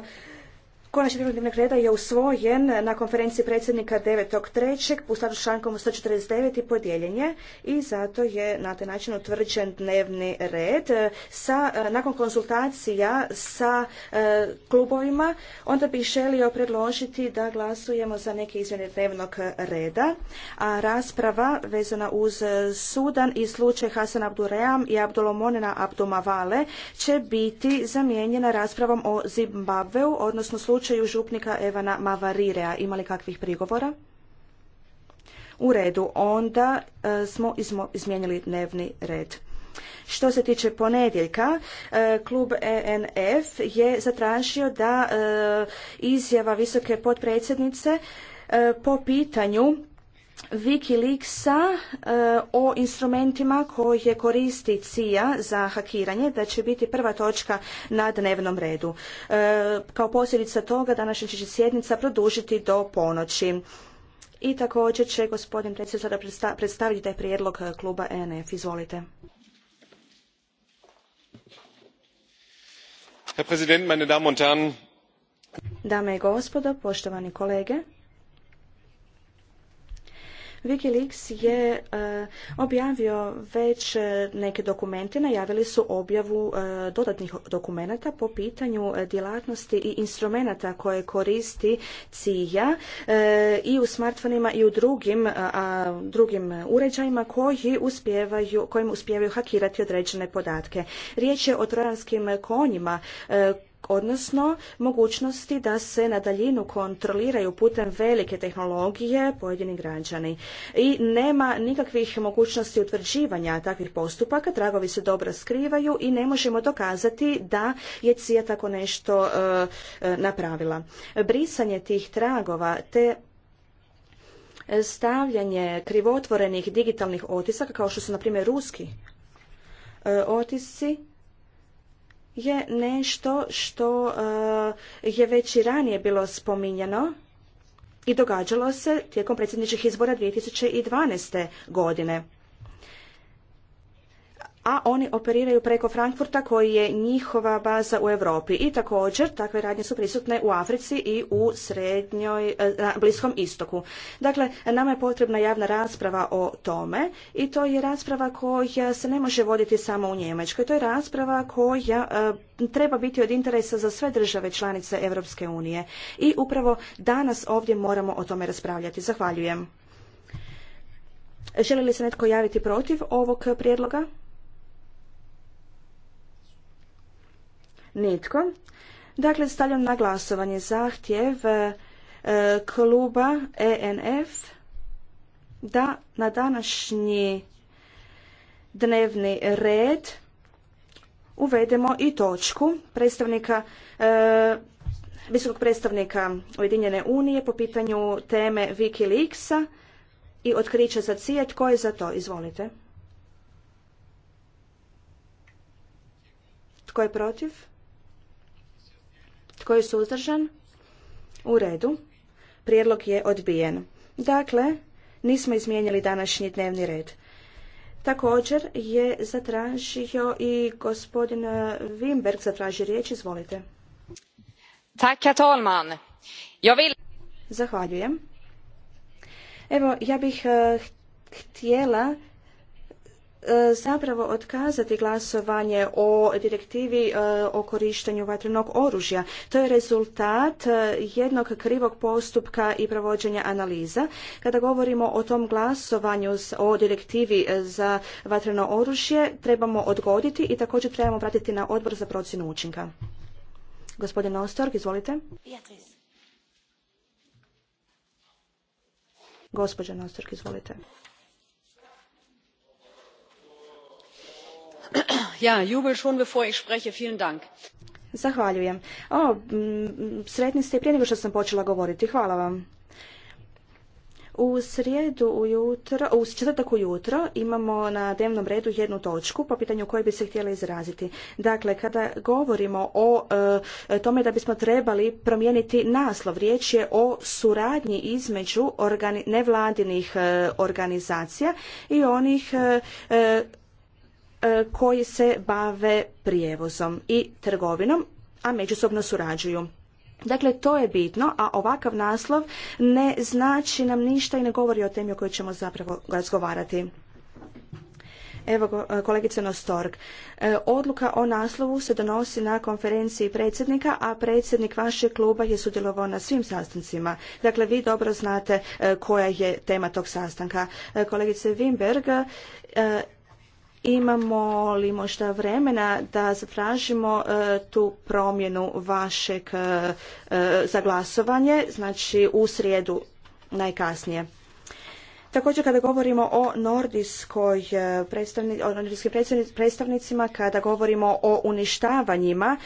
mm Konačni prijedlog dnevnog reda je usvojen na konferenciji predsjednika 9.3. u skladu s člankom 149. i podijeljen i zato je na taj način utvrđen dnevni red. E, nakon konsultacija sa e, klubovima, onda bih želio predložiti da glasujemo za neke izmjene dnevnog reda, a rasprava vezana uz Sudan i slučaj Hasan Abduream i Abdolomonena Abdomavale će biti zamijenjena raspravom o Zimbabveu, odnosno slučaju slučaju župnika Evana Mavarirea. imali kakvih prigovora? U redu, onda e, smo izmijenili dnevni red. Što se tiče ponedjeljka, e, klub ENF je zatražio da e, izjava visoke potpredsjednice po pitanju Wikileaksa e, o instrumentima koje koristi CIA za hakiranje, da će biti prva točka na dnevnom redu. Eh, kao posljedica toga današnja će sjednica produžiti do ponoći. I također će gospodin predsjednik sada predstaviti taj prijedlog eh, kluba ENF. Izvolite. Herr meine und Herren. Dame i gospodo, poštovani kolege. Wikileaks je eh, objavio već eh, neke dokumente, najavili su objavu eh, dodatnih dokumenata po pitanju djelatnosti i instrumenata koje koristi CIA i u smartfonima i u drugim, drugim uređajima koji kojim uspijevaju hakirati određene podatke. Riječ je o trojanskim konjima odnosno mogućnosti da se na daljinu kontroliraju putem velike tehnologije pojedini građani. I nema nikakvih mogućnosti utvrđivanja takvih postupaka, tragovi se dobro skrivaju i ne možemo dokazati da je CIA tako nešto e, e, napravila. Brisanje tih tragova te stavljanje krivotvorenih digitalnih otisaka kao što su na primjer ruski e, otisci je nešto što eh, je već i ranije bilo spominjeno i događalo se tijekom predsjedničkih izbora 2012. godine a oni operiraju preko Frankfurta koji je njihova baza u Europi. I također takve radnje su prisutne u Africi i u srednjoj, e, Bliskom istoku. Dakle, nama je potrebna javna rasprava o tome i to je rasprava koja se ne može voditi samo u Njemačkoj. To je rasprava koja e, treba biti od interesa za sve države članice Europske unije. I upravo danas ovdje moramo o tome raspravljati. Zahvaljujem. Želi li se netko javiti protiv ovog prijedloga? Nitko. Dakle, stavljam na glasovanje zahtjev e, e, kluba ENF da na današnji dnevni red uvedemo i točku predstavnika e, visokog predstavnika Ujedinjene unije po pitanju teme Wikileaksa i otkriće za Cijet. Tko je za to? Izvolite. Tko je protiv? Tko je suzdržan? U redu. Prijedlog je odbijen. Dakle, nismo izmijenili današnji dnevni red. Također je zatražio i gospodin Wimberg zatraži riječ. Izvolite. Tak, talman. Zahvaljujem. Evo, ja bih eh, htjela E, zapravo otkazati glasovanje o direktivi e, o korištenju vatrenog oružja. To je rezultat e, jednog krivog postupka i provođenja analiza. Kada govorimo o tom glasovanju o direktivi za vatreno oružje, trebamo odgoditi i također trebamo vratiti na odbor za procjenu učinka. Gospodin Ostorg, izvolite. Gospodin Ostorg, izvolite. Ja, Zahvaljujem. sretni ste i prije nego što sam počela govoriti. Hvala vam. U srijedu ujutro, u četvrtak ujutro imamo na dnevnom redu jednu točku po pitanju koje bi se htjela izraziti. Dakle, kada govorimo o e, tome da bismo trebali promijeniti naslov, riječ je o suradnji između nevladinih e, organizacija i onih e, E, koji se bave prijevozom i trgovinom, a međusobno surađuju. Dakle, to je bitno, a ovakav naslov ne znači nam ništa i ne govori o temi o kojoj ćemo zapravo razgovarati. Evo, e, kolegice Nostorg, e, odluka o naslovu se donosi na konferenciji predsjednika, a predsjednik vašeg kluba je sudjelovao na svim sastancima. Dakle, vi dobro znate koja je tema tog sastanka. Kolegice Wimberg, Imamo li možda vremena da zatražimo e, tu promjenu vašeg e, e, zaglasovanje, znači u srijedu najkasnije? Također kada govorimo o nordijskoj nordijskim predstavnicima, kada govorimo o uništavanjima,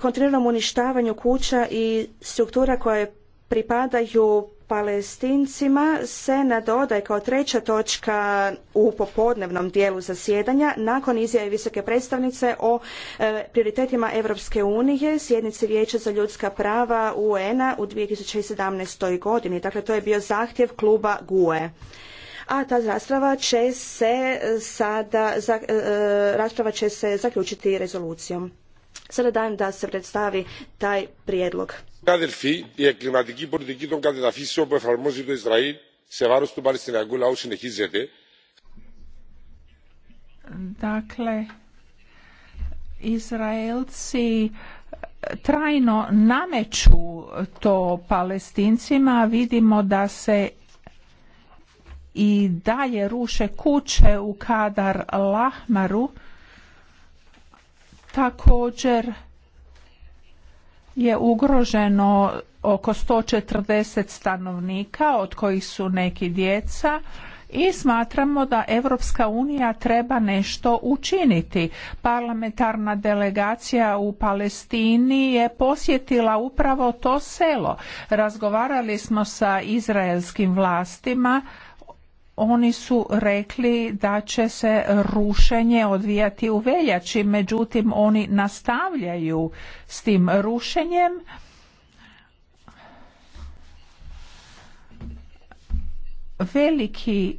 kontinuiranom uništavanju kuća i struktura koje pripadaju Palestincima se nadodaje kao treća točka u popodnevnom dijelu zasjedanja nakon izjave visoke predstavnice o e, prioritetima Europske unije sjednici Vijeća za ljudska prava UN-a u 2017. godini. Dakle, to je bio zahtjev kluba GUE a ta rasprava će se sada, e, e, rasprava će se zaključiti rezolucijom. Sada dajem da se predstavi taj prijedlog. Kadelfi, i eklimatiki politiki των κατεδαφίσεων που εφαρμόζει το Ισραήλ σε βάρος του Παλαιστινιακού λαού συνεχίζεται. Dakle, Izraelci eh, trajno nameću to palestincima. Vidimo da se i dalje ruše kuće u Kadar Lahmaru Također je ugroženo oko 140 stanovnika od kojih su neki djeca i smatramo da Europska unija treba nešto učiniti. Parlamentarna delegacija u Palestini je posjetila upravo to selo. Razgovarali smo sa izraelskim vlastima oni su rekli da će se rušenje odvijati u veljači, međutim oni nastavljaju s tim rušenjem. Veliki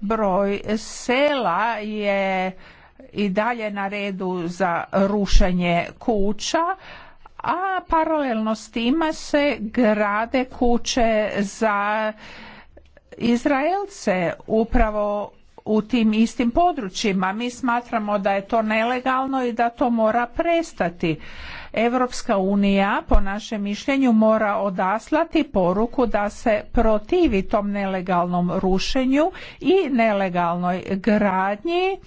broj sela je i dalje na redu za rušenje kuća, a paralelno s time se grade kuće za Izraelce upravo u tim istim područjima. Mi smatramo da je to nelegalno i da to mora prestati. Europska unija, po našem mišljenju, mora odaslati poruku da se protivi tom nelegalnom rušenju i nelegalnoj gradnji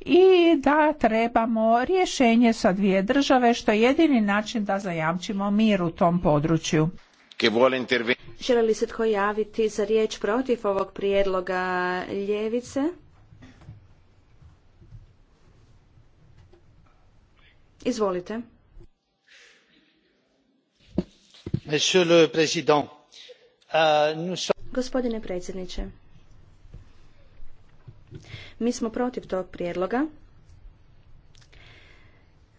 i da trebamo rješenje sa dvije države što je jedini način da zajamčimo mir u tom području. Žele li se tko javiti za riječ protiv ovog prijedloga ljevice? Izvolite. Euh, Gospodine predsjedniče, mi smo protiv tog prijedloga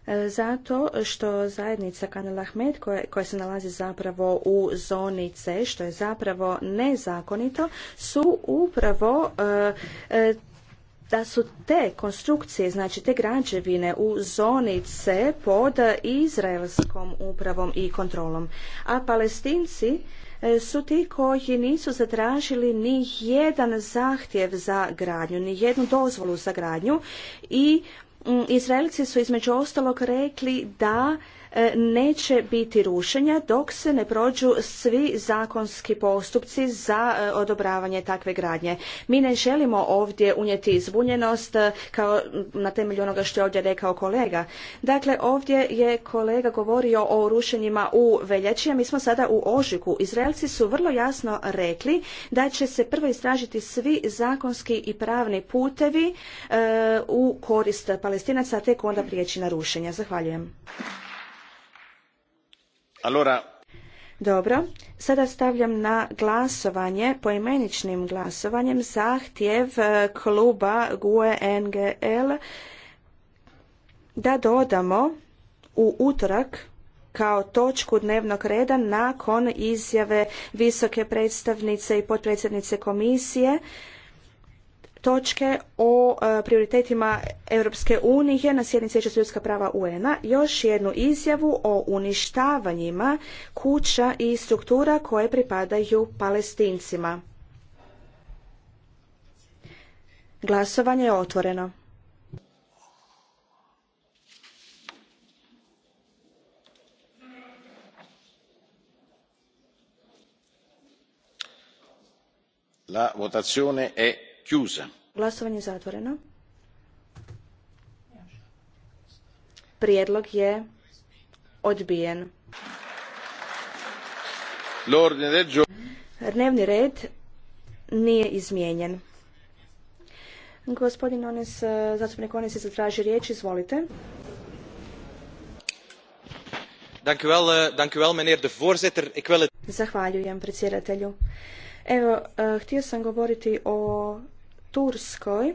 E, zato što zajednica Kanal Ahmed koja, se nalazi zapravo u zoni C, što je zapravo nezakonito, su upravo e, e, da su te konstrukcije, znači te građevine u zoni C pod izraelskom upravom i kontrolom. A palestinci su ti koji nisu zatražili ni jedan zahtjev za gradnju, ni jednu dozvolu za gradnju i Mm, Izraelci su između ostalog rekli da E, neće biti rušenja dok se ne prođu svi zakonski postupci za e, odobravanje takve gradnje. Mi ne želimo ovdje unijeti zbunjenost e, kao na temelju onoga što je ovdje rekao kolega. Dakle, ovdje je kolega govorio o rušenjima u veljači, a mi smo sada u ožiku. Izraelci su vrlo jasno rekli da će se prvo istražiti svi zakonski i pravni putevi u korist palestinaca, a tek onda prijeći na rušenja. Zahvaljujem. Dobro, sada stavljam na glasovanje, poimeničnim glasovanjem, zahtjev e, kluba GUE NGL da dodamo u utorak kao točku dnevnog reda nakon izjave visoke predstavnice i potpredsjednice komisije točke o e, prioritetima Europske unije na sjednici Vijeća ljudska prava UN-a još jednu izjavu o uništavanjima kuća i struktura koje pripadaju palestincima. Glasovanje je otvoreno. La votazione Glasovanje je zatvoreno. Prijedlog je odbijen. Dnevni red nije izmijenjen. Gospodin Ones, eh, zastupnik Ones je zatraži riječ, izvolite. Dank u Zahvaljujem predsjedatelju. Evo, eh, htio sam govoriti o Turskoj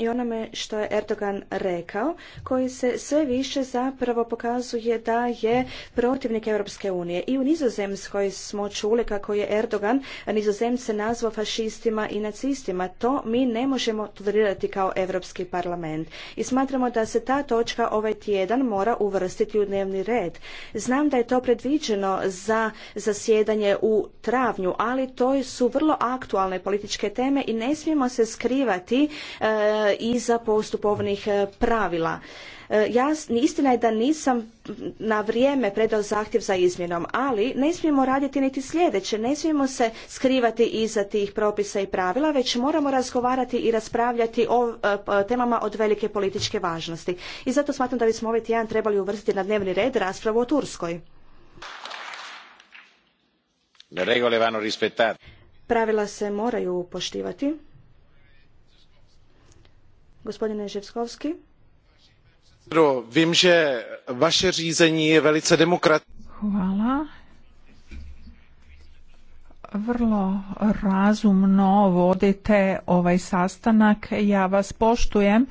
i onome što je Erdogan rekao, koji se sve više zapravo pokazuje da je protivnik Europske unije. I u Nizozemskoj smo čuli kako je Erdogan Nizozemce nazvao fašistima i nacistima. To mi ne možemo tolerirati kao Europski parlament. I smatramo da se ta točka ovaj tjedan mora uvrstiti u dnevni red. Znam da je to predviđeno za zasjedanje u travnju, ali to su vrlo aktualne političke teme i ne smijemo se skrivati e, iza postupovnih e, pravila. E, istina je da nisam na vrijeme predao zahtjev za izmjenom, ali ne smijemo raditi niti sljedeće, ne smijemo se skrivati iza tih propisa i pravila, već moramo razgovarati i raspravljati o e, temama od velike političke važnosti. I zato smatram da bismo ovaj tjedan trebali uvrstiti na dnevni red raspravu o Turskoj. Pravila se moraju poštivati. Gospodine Živskovski. Vím, že vaše je velice Hvala. Vrlo razumno vodite ovaj sastanak. Ja vas poštujem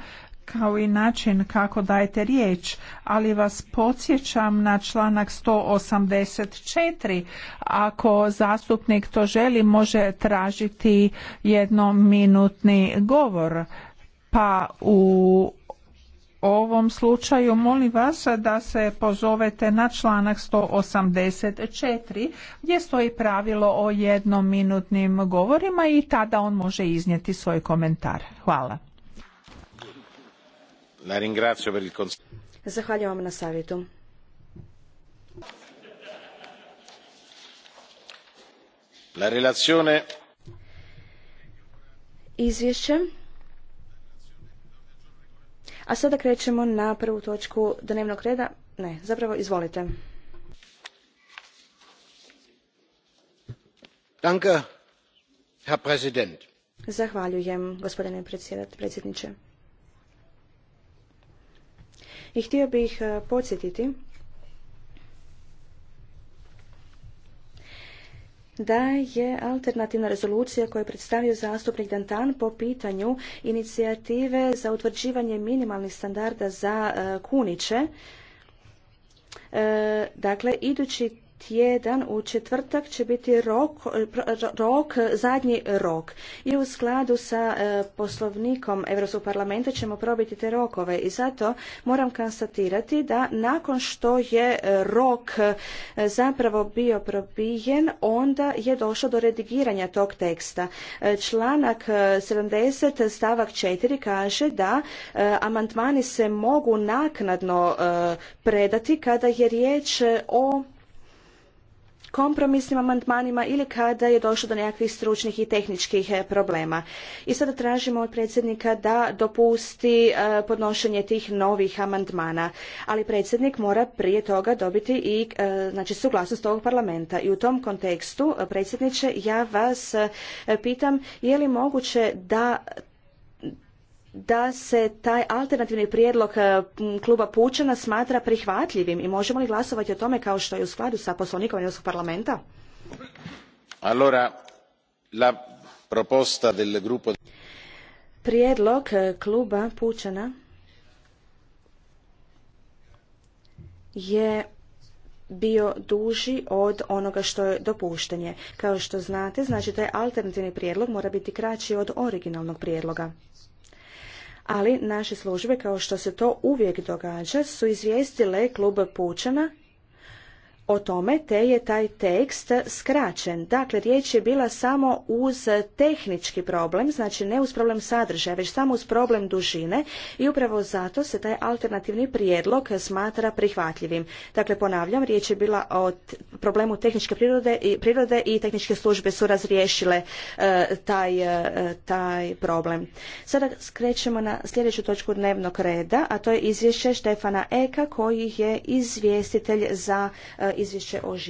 kao i način kako dajete riječ, ali vas podsjećam na članak 184. Ako zastupnik to želi, može tražiti jednominutni govor pa u ovom slučaju molim vas da se pozovete na članak 184 gdje stoji pravilo o jednominutnim govorima i tada on može iznijeti svoj komentar. Hvala. Zahvaljujem vam na savjetu. La a sada krećemo na prvu točku dnevnog reda. Ne, zapravo izvolite. Danke, Herr Präsident. Zahvaljujem, gospodine predsjedniče. I htio bih eh, podsjetiti da je alternativna rezolucija koju je predstavio zastupnik Dantan po pitanju inicijative za utvrđivanje minimalnih standarda za e, kuniće. E, dakle, idući tjedan u četvrtak će biti rok, rok, zadnji rok i u skladu sa e, poslovnikom Europskog parlamenta ćemo probiti te rokove i zato moram konstatirati da nakon što je e, rok e, zapravo bio probijen onda je došlo do redigiranja tog teksta. Članak 70 stavak 4 kaže da amandmani se mogu naknadno predati kada je riječ o kompromisnim amandmanima ili kada je došlo do nekakvih stručnih i tehničkih e, problema. I sada tražimo od predsjednika da dopusti e, podnošenje tih novih amandmana, ali predsjednik mora prije toga dobiti i e, znači suglasnost ovog parlamenta. I u tom kontekstu predsjedniče ja vas pitam je li moguće da da se taj alternativni prijedlog e, kluba Pučana smatra prihvatljivim i možemo li glasovati o tome kao što je u skladu sa poslovnikom Europskog parlamenta? Prijedlog e, kluba Pučana je bio duži od onoga što je dopuštenje. Kao što znate, znači taj alternativni prijedlog mora biti kraći od originalnog prijedloga ali naše službe, kao što se to uvijek događa, su izvijestile klub Pučana o tome, te je taj tekst skraćen. Dakle, riječ je bila samo uz tehnički problem, znači ne uz problem sadržaja, već samo uz problem dužine i upravo zato se taj alternativni prijedlog smatra prihvatljivim. Dakle, ponavljam, riječ je bila o problemu tehničke prirode i, prirode i tehničke službe su razriješile e, taj, e, taj problem. Sada skrećemo na sljedeću točku dnevnog reda, a to je izvješće Štefana Eka koji je izvjestitelj za e, izvješće o živu.